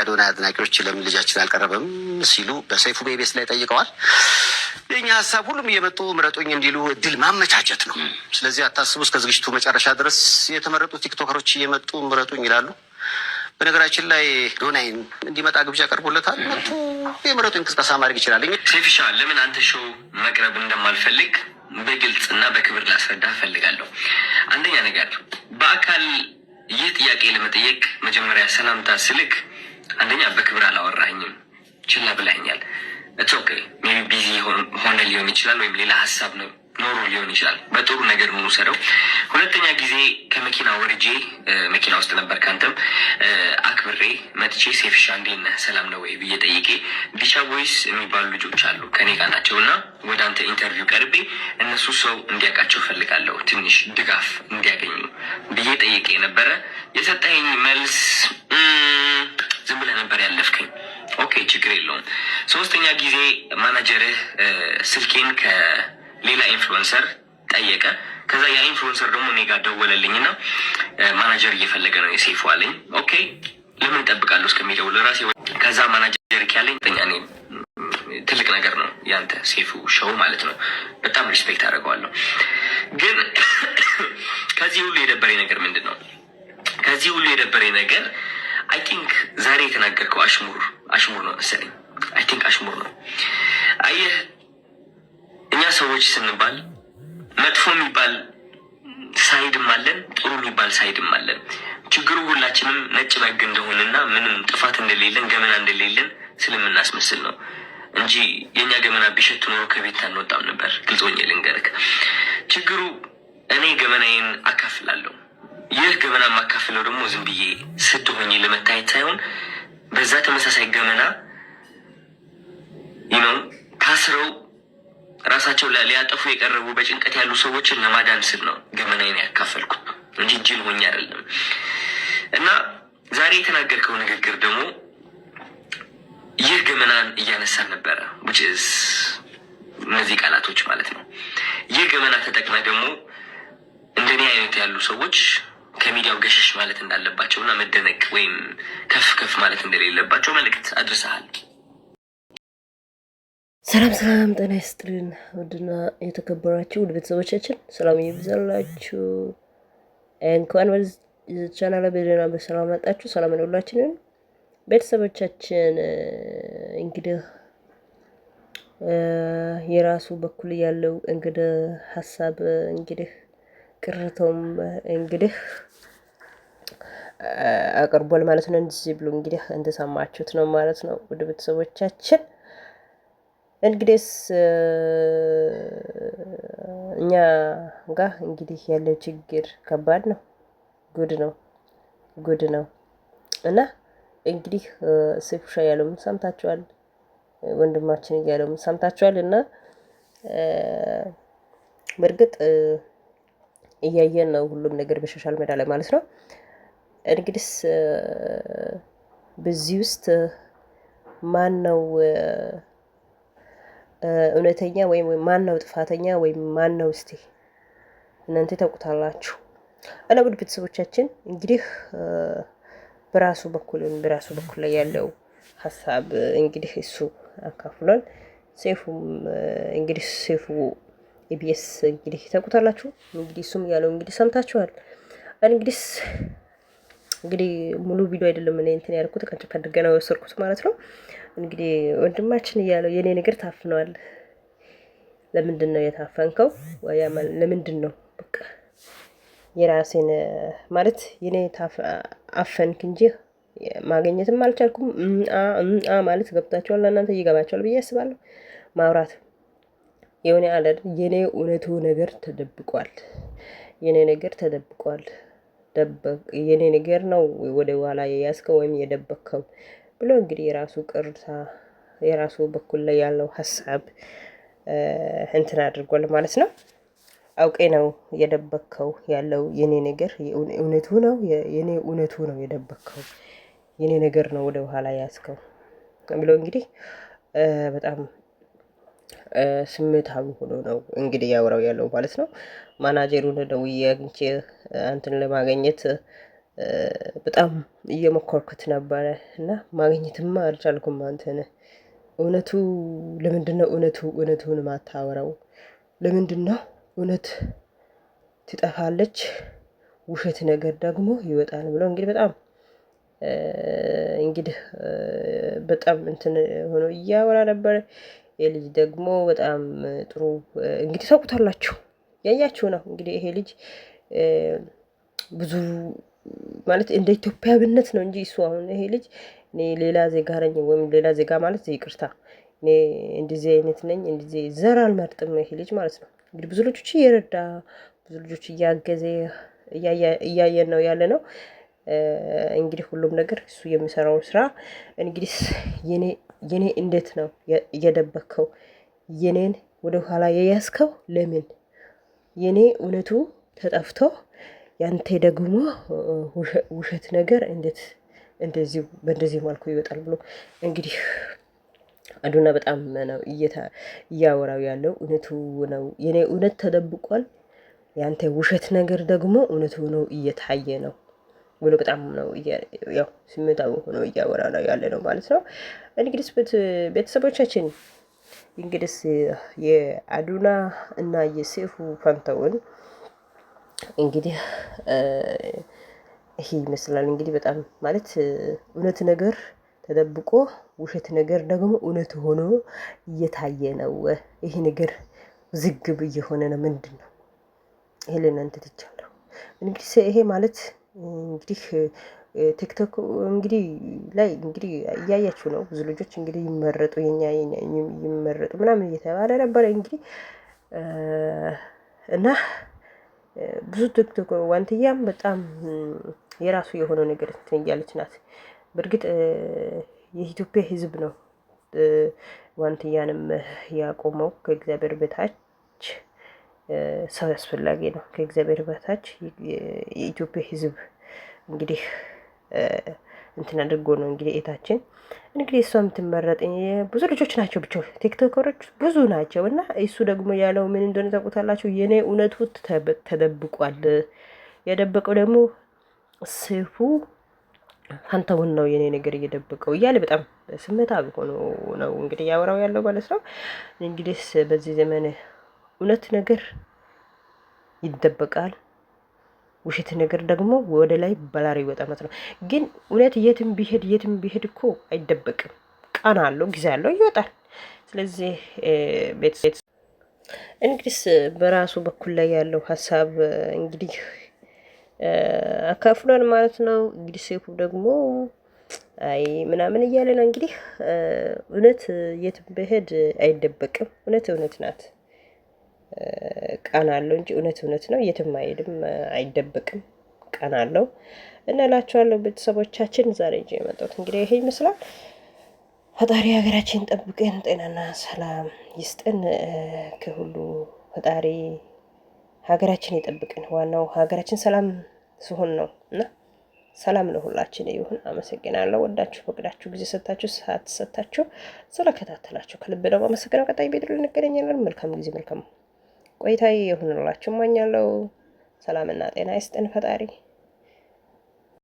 የአዶናይ አድናቂዎች ለምን ልጃችን አልቀረበም ሲሉ በሰይፉ ቤቤስ ላይ ጠይቀዋል። የእኛ ሀሳብ ሁሉም እየመጡ ምረጡኝ እንዲሉ እድል ማመቻቸት ነው። ስለዚህ አታስቡ። እስከ ዝግጅቱ መጨረሻ ድረስ የተመረጡ ቲክቶከሮች እየመጡ ምረጡኝ ይላሉ። በነገራችን ላይ ዶናይን እንዲመጣ ግብዣ ቀርቦለታል። መጡ የምረጡኝ ቅስቀሳ ማድረግ ይችላል። ሴፊሻ ለምን አንተ ሾው መቅረብ እንደማልፈልግ በግልጽ እና በክብር ላስረዳ እፈልጋለሁ። አንደኛ ነገር በአካል ይህ ጥያቄ ለመጠየቅ መጀመሪያ ሰላምታ ስልክ አንደኛ በክብር አላወራኝም፣ ችላ ብላኛል። ኦኬ ሜቢ ቢዚ ሆነ ሊሆን ይችላል፣ ወይም ሌላ ሀሳብ ነው ኖሮ ሊሆን ይችላል። በጥሩ ነገር ምንውሰደው። ሁለተኛ ጊዜ ከመኪና ወርጄ መኪና ውስጥ ነበር፣ ከአንተም አክብሬ መጥቼ ሴፍሻ እንዴት ነህ ሰላም ነው ወይ ብዬ ጠይቄ ዲሻ ቦይስ የሚባሉ ልጆች አሉ ከኔ ጋር ናቸው እና ወደ አንተ ኢንተርቪው ቀርቤ እነሱ ሰው እንዲያውቃቸው ፈልጋለሁ ትንሽ ድጋፍ እንዲያገኙ ብዬ ጠይቄ ነበረ። የሰጠኝ መልስ ዝም ብለህ ነበር ያለፍከኝ። ኦኬ ችግር የለውም። ሶስተኛ ጊዜ ማናጀርህ ስልኬን ከሌላ ኢንፍሉዌንሰር ጠየቀ። ከዛ ያ ኢንፍሉዌንሰር ደግሞ እኔ ጋር ደወለልኝና ማናጀር እየፈለገ ነው የሴፉ አለኝ። ኦኬ ለምን እጠብቃለሁ እስከሚደውል ራሴ ከዛ ማናጀር ያለኝ እኔ ትልቅ ነገር ነው ያንተ ሴፉ ሸው ማለት ነው። በጣም ሪስፔክት አደርገዋለሁ። ግን ከዚህ ሁሉ የደበረኝ ነገር ምንድን ነው? ከዚህ ሁሉ የደበረኝ ነገር አይ ቲንክ ዛሬ የተናገርከው አሽሙር አሽሙር ነው መሰለኝ። አይ ቲንክ አሽሙር ነው። አየህ እኛ ሰዎች ስንባል መጥፎ የሚባል ሳይድም አለን፣ ጥሩ የሚባል ሳይድም አለን። ችግሩ ሁላችንም ነጭ በግ እንደሆንና ምንም ጥፋት እንደሌለን ገመና እንደሌለን ስለምናስመስል ነው እንጂ የእኛ ገመና ቢሸት ኖሮ ከቤት አንወጣም ነበር። ግልጽ ልንገርህ፣ ችግሩ እኔ ገመናዬን አካፍላለሁ ይህ ገመና የማካፍለው ደግሞ ዝም ብዬ ስድ ለመታየት ሳይሆን በዛ ተመሳሳይ ገመና ይነው ታስረው ራሳቸው ሊያጠፉ የቀረቡ በጭንቀት ያሉ ሰዎችን ለማዳን ስል ነው ገመናዬን ያካፈልኩት እንጂ ጅል ሆኜ አይደለም። እና ዛሬ የተናገርከው ንግግር ደግሞ ይህ ገመናን እያነሳን ነበረ ውጭዝ እነዚህ ቃላቶች ማለት ነው። ይህ ገመና ተጠቅመ ደግሞ እንደኔ አይነት ያሉ ሰዎች ከሚዲያው ገሸሽ ማለት እንዳለባቸው እና መደነቅ ወይም ከፍ ከፍ ማለት እንደሌለባቸው መልእክት አድርሰሃል። ሰላም ሰላም፣ ጤና ይስጥልን ውድና የተከበራችሁ ውድ ቤተሰቦቻችን ሰላም ይብዛላችሁ። እንኳን ወደዚህ ቻናል በደህና በሰላም መጣችሁ። ሰላም ሁላችንን ቤተሰቦቻችን እንግዲህ የራሱ በኩል ያለው እንግዲህ ሀሳብ እንግዲህ ቅርቶም እንግዲህ አቅርቧል ማለት ነው። እንዚህ ብሎ እንግዲህ እንደሰማችሁት ነው ማለት ነው። ወደ ቤተሰቦቻችን እንግዲህስ እኛ ጋ እንግዲህ ያለው ችግር ከባድ ነው። ጉድ ነው፣ ጉድ ነው። እና እንግዲህ ሴፉሻ ያለውም ሰምታችኋል፣ ወንድማችን ያለውም ሰምታችኋል። እና በእርግጥ እያየን ነው። ሁሉም ነገር በሶሻል ሜዳ ላይ ማለት ነው። እንግዲስ በዚህ ውስጥ ማን ነው እውነተኛ ወይም ማን ነው ጥፋተኛ ወይም ማን ነው እስቲ እናንተ ታውቁታላችሁ። እና ውድ ቤተሰቦቻችን እንግዲህ በራሱ በኩል በራሱ በኩል ላይ ያለው ሀሳብ እንግዲህ እሱ አካፍሏል። ሰይፉም እንግዲህ ሴፉ ኤቢኤስ እንግዲህ ተቁታላችሁ? እንግዲህ እሱም ያለው እንግዲህ ሰምታችኋል። እንግዲህ እንግዲህ ሙሉ ቪዲዮ አይደለም እኔ እንትን ያልኩት ቀንጭፍ አድርጌ ነው የወሰድኩት ማለት ነው። እንግዲህ ወንድማችን እያለው የእኔ ነገር ታፍነዋል። ለምንድን ነው የታፈንከው? ለምንድን ነው በቃ የራሴን ማለት የኔ አፈንክ እንጂ ማግኘትም አልቻልኩም። አ ማለት ገብታችኋል፣ ለእናንተ ይገባችኋል ብዬ አስባለሁ ማውራት የሆነ አለ የኔ እውነቱ ነገር ተደብቋል። የኔ ነገር ተደብቋል። የኔ ነገር ነው ወደ ኋላ የያዝከው ወይም የደበከው ብሎ እንግዲህ የራሱ ቅርታ የራሱ በኩል ላይ ያለው ሀሳብ እንትን አድርጓል ማለት ነው። አውቄ ነው የደበቅከው ያለው የኔ ነገር እውነቱ ነው የኔ እውነቱ ነው የደበቅከው የኔ ነገር ነው ወደ ኋላ ያዝከው ብሎ እንግዲህ በጣም ስሜታዊ ሆኖ ነው እንግዲህ ያወራው ያለው ማለት ነው። ማናጀሩን ደውዬ አግኝቼ አንተን ለማግኘት በጣም እየሞከርኩት ነበረ እና ማግኘትማ አልቻልኩም። አንተን እውነቱ ለምንድን ነው እውነቱ እውነቱን ማታወራው ለምንድን ነው? እውነት ትጠፋለች፣ ውሸት ነገር ደግሞ ይወጣል ብሎ እንግዲህ በጣም እንግዲህ በጣም እንትን ሆኖ እያወራ ነበረ። የልጅ ደግሞ በጣም ጥሩ እንግዲህ ታውቁታላችሁ። ያያችሁ ነው እንግዲህ ይሄ ልጅ ብዙ ማለት እንደ ኢትዮጵያዊነት ነው እንጂ እሱ አሁን ይሄ ልጅ እኔ ሌላ ዜጋ ነኝ ወይም ሌላ ዜጋ ማለት ይቅርታ፣ እኔ እንደዚህ አይነት ነኝ እንደዚህ ዘር አልመርጥም ይሄ ልጅ ማለት ነው። እንግዲህ ብዙ ልጆች እየረዳ ብዙ ልጆች እያገዘ እያየን ነው ያለ ነው። እንግዲህ ሁሉም ነገር እሱ የሚሰራው ስራ እንግዲህ የኔ እንዴት ነው እየደበከው የኔን ወደ ኋላ የያዝከው ለምን የኔ እውነቱ ተጠፍቶ ያንተ ደግሞ ውሸት ነገር እንዴት እንደዚህ በእንደዚህ መልኩ ይወጣል ብሎ እንግዲህ አዱና በጣም ነው እያወራው ያለው። እውነቱ ነው የኔ እውነት ተደብቋል፣ ያንተ ውሸት ነገር ደግሞ እውነቱ ነው እየታየ ነው። ብሎ በጣም ነው ያው ስሜታዊ ሆኖ እያወራ ነው ያለ ነው ማለት ነው። እንግዲህ ቤተሰቦቻችን እንግዲህ የአዱና እና የሴፉ ፈንተውን እንግዲህ ይሄ ይመስላል እንግዲህ በጣም ማለት እውነት ነገር ተጠብቆ ውሸት ነገር ደግሞ እውነት ሆኖ እየታየ ነው። ይሄ ነገር ውዝግብ እየሆነ ነው። ምንድን ነው ይሄ? ልናንተ ትቻለሁ እንግዲህ ይሄ ማለት እንግዲህ ቲክቶክ እንግዲህ ላይ እንግዲህ እያያችሁ ነው። ብዙ ልጆች እንግዲህ ይመረጡ የኛ ይመረጡ ምናምን እየተባለ ነበረ እንግዲህ እና ብዙ ቲክቶክ ዋንትያም በጣም የራሱ የሆነ ነገር እንትን እያለች ናት። በእርግጥ የኢትዮጵያ ሕዝብ ነው ዋንትያንም ያቆመው ከእግዚአብሔር በታች ሰው አስፈላጊ ነው። ከእግዚአብሔር በታች የኢትዮጵያ ሕዝብ እንግዲህ እንትን አድርጎ ነው እንግዲህ ኤታችን እንግዲህ እሷ የምትመረጥ ብዙ ልጆች ናቸው ብቻ ቲክቶከሮች ብዙ ናቸው። እና እሱ ደግሞ ያለው ምን እንደሆነ ታውቁታላችሁ። የኔ እውነቱ ተደብቋል። የደበቀው ደግሞ ስፉ ፋንታውን ነው የኔ ነገር እየደበቀው እያለ በጣም ስሜታዊ ሆኖ ነው እንግዲህ ያወራው ያለው ማለት ነው። እንግዲህ በዚህ ዘመን እውነት ነገር ይደበቃል፣ ውሸት ነገር ደግሞ ወደ ላይ በላሪ ይወጣ ማለት ነው። ግን እውነት የትም ቢሄድ የትም ቢሄድ እኮ አይደበቅም። ቀን አለው ጊዜ አለው ይወጣል። ስለዚህ ቤተሰብ እንግዲህ በራሱ በኩል ላይ ያለው ሀሳብ እንግዲህ አካፍሏል ማለት ነው። እንግዲህ ሴፉ ደግሞ አይ ምናምን እያለ ነው እንግዲህ እውነት የትም ብሄድ አይደበቅም። እውነት እውነት ናት። ቀን አለው እንጂ እውነት እውነት ነው። የትም አይሄድም፣ አይደበቅም። ቀን አለው እና እላችኋለሁ ቤተሰቦቻችን። ዛሬ እ የመጣሁት እንግዲህ ይሄ ይመስላል። ፈጣሪ ሀገራችን ጠብቀን ጤናና ሰላም ይስጠን። ከሁሉ ፈጣሪ ሀገራችን ይጠብቅን። ዋናው ሀገራችን ሰላም ሲሆን ነው እና ሰላም ለሁላችን ይሁን። አመሰግናለሁ። ወዳችሁ ፈቅዳችሁ ጊዜ ሰታችሁ ሰዓት ሰታችሁ ስለከታተላችሁ ከልብ ደግሞ አመሰግናለሁ። ቀጣይ ቤት ልንገናኛለን። መልካም ጊዜ መልካም ቆይታዬ የሆንላችሁ ማኛለው። ሰላምና ጤና ይስጥን ፈጣሪ